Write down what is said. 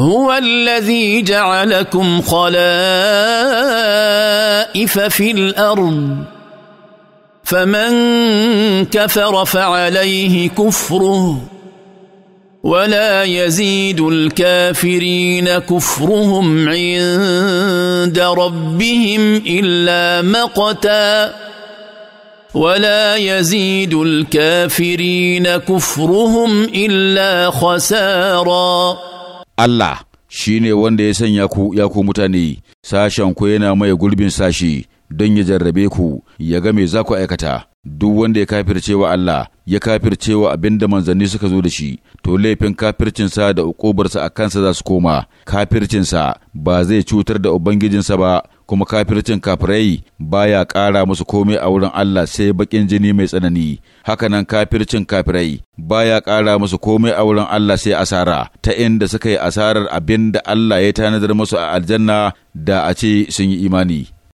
هو الذي جعلكم خلائف في الارض فمن كفر فعليه كفره ولا يزيد الكافرين كفرهم عند ربهم الا مقتا ولا يزيد الكافرين كفرهم الا خسارا Allah shi ne wanda ya sanya ku ya ku mutane, sashen ku yana mai gurbin sashi don ya jarrabe ku ya ga me za ku aikata. Duk wanda ya kafirce wa Allah ya kafirce wa abin da manzanni suka zo da shi, to laifin kafircinsa da ukubarsa a kansa za su koma, kafircinsa ba zai cutar da Ubangijinsa ba kuma kafircin kafirai baya ƙara musu komai a wurin Allah sai baƙin jini mai tsanani hakanan kafircin kafirai baya ƙara musu komai a wurin Allah sai asara ta inda suka yi asarar abin da Allah ya tanadar musu a aljanna da a ce sun yi imani